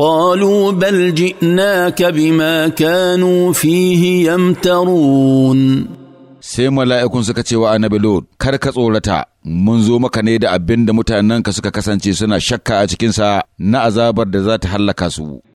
قالوا بل جئناك بما كانوا فيه يمترون sai mala'ikun suka ce wa annabi Lord, kar ka tsorata, mun zo maka ne da abin da mutanenka suka kasance suna shakka a cikinsa na azabar da za ta hallaka su.